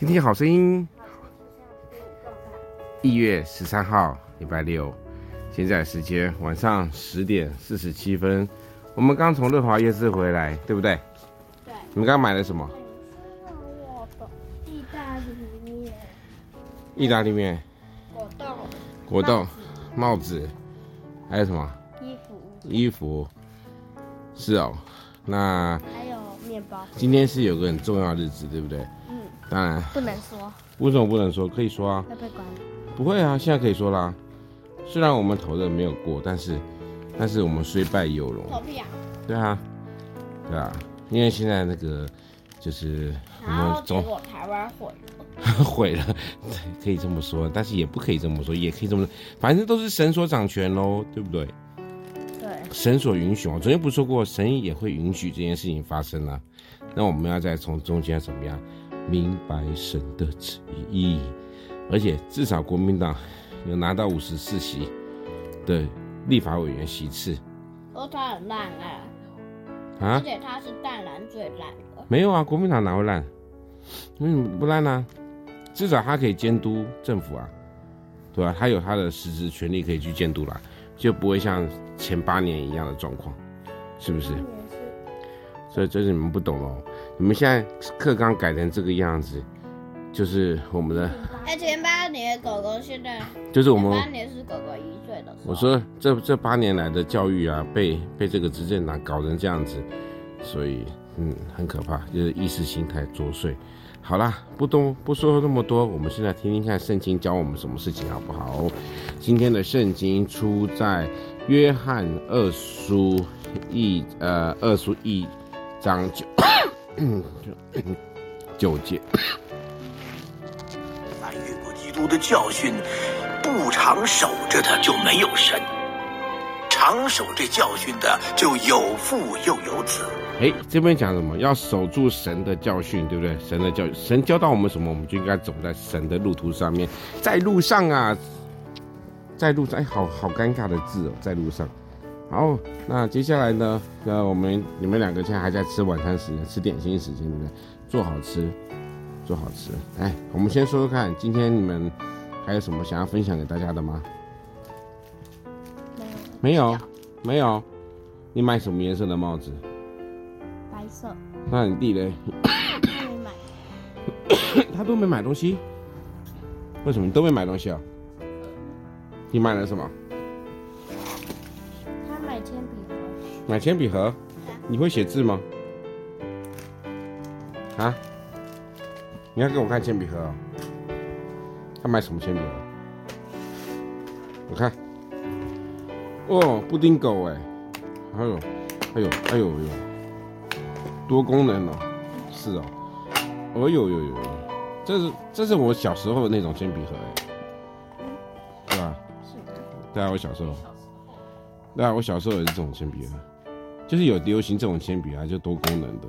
聽聽好聲音。一月十三號，禮拜六，現在時間晚上十點四十七分。我們剛從樂華夜市回來，對不對？對。你們剛買了什麼？我的意大利麵。意大利麵。果凍。果凍、帽子，還有什麼？衣服。衣服。是哦，那還有麵包。今天是有個很重要的日子，對不對？當然不能說，為什麼不能說？可以說啊。會被關？不會啊，現在可以說啦。雖然我們投的沒有過，但是，但是我們雖敗猶榮。何必啊？對啊，對啊，因為現在那個就是我們總我台灣毀了，毀 了，可以這麼說，但是也不可以這麼說，也可以這麼說，反正都是神所掌權嘍，對不對？對。神所允許，我昨天不是說過，神也會允許這件事情發生啊。那我們要再從中間怎麼樣？明白神的旨意，而且至少國民黨有拿到五十四席的立法委員席次。說、哦、他很爛啊？啊？而且他是淡藍最爛的。沒有啊，國民黨哪會爛？為什麼不爛呢、啊？至少他可以監督政府啊，對吧、啊？他有他的實質權利可以去監督啦，就不會像前八年一樣的狀況，是不是？是。所以，這是你們不懂哦。你們現在課綱改成這個樣子，就是我們的。哎，前八年狗狗，現在就是我們八年是狗狗一歲的時候，我說這這八年來的教育啊，被被這個執政黨搞成這樣子，所以嗯很可怕，就是意識形態作祟。好啦，不不不說那麼多，我們現在聽聽看聖經教我們什麼事情好不好？今天的聖經出在約翰二書一呃二書一章九。嗯，就，就 結。來越過基督的教訓，不常守着的就沒有神；常守這教訓的，就有父又有子。哎，這邊講什麼？要守住神的教訓，對不對？神的教，神教到我們什麼，我們就應該走在神的路途上面。在路上啊，在路上，哎，好好尷尬的字哦，在路上。好，那接下來呢？呃，我們你們兩個現在還在吃晚餐時間，吃點心時間對不對？做好吃，做好吃。哎，我們先說說看，今天你們還有什麼想要分享給大家的嗎？沒有，沒有，沒有，你買什麼顏色的帽子？白色。那你弟嘞？他沒買。 他都沒買東西？為什麼你都沒買東西啊、哦？你買了什麼？買鉛筆盒，買鉛筆盒？你會寫字嗎？啊？你要給我看鉛筆盒，哦？他買什麼鉛筆盒？我看。哦，布丁狗哎！哎呦，哎呦，哎呦哎呦！多功能哦，是啊，哦。哦、哎、呦、哎、呦、哎、呦，這是這是我小時候的那種鉛筆盒哎，是、嗯、對吧？是對，對啊，我小時候。對啊，我小時候也是這種鉛筆盒，就是有流行這種鉛筆啊，就多功能的。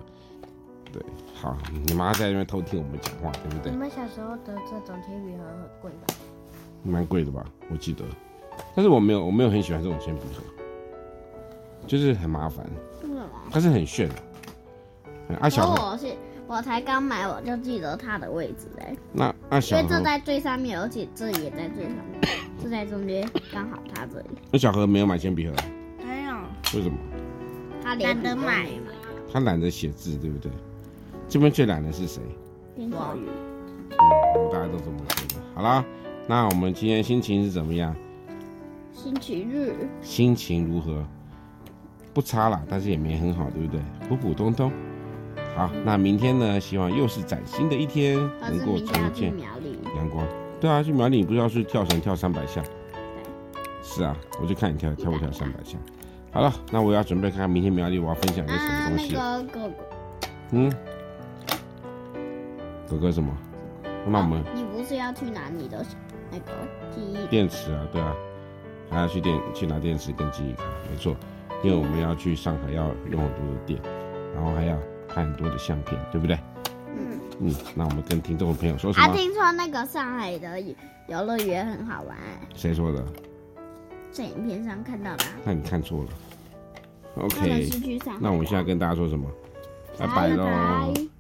對，好，你媽在那邊偷聽我們講話，對不對？你們小時候的這種鉛筆盒很貴吧？蠻貴的吧，我記得。但是我沒有，我沒有很喜歡這種鉛筆盒，就是很麻煩。為什麼？它是很炫。阿、啊、小是我是，我是我才剛買，我就記得它的位置嘞。那阿、啊、小，因為這在最上面，而且這也在最上面。是在中間，剛好他這裡。那小何沒有買鉛筆盒、啊。沒有、哎呦。為什麼？他懶、啊、得買。他懶得寫字，對不對？這邊最懶的是誰？丁寶宇。嗯，大家都這麼覺得。好啦，那我們今天心情是怎麼樣？星期日。心情如何？不差啦，但是也沒很好，對不對？普普通通。好，嗯、那明天呢？希望又是嶄新的一天，天能夠重見陽光。對啊，去苗栗你不是要去跳繩跳三百下？對，是啊，我就看你跳，跳不跳三百下。好了，那我要準備看看明天苗栗我要分享一些什麼東西。哥哥、啊，那個、個個嗯，哥哥什麼？那、啊、我們你不是要去拿你的那個記憶電池啊？對啊，還要去電去拿電池跟記憶卡，沒錯，因為我們要去上海要用很多的電，然後還要拍很多的相片，對不對？嗯，那我們跟聽眾朋友說什麼？他、啊、聽說那個上海的遊樂園很好玩。誰說的？在影片上看到的、啊。那你看錯了。OK，那。那我們現在跟大家說什麼？拜拜嘍。拜拜。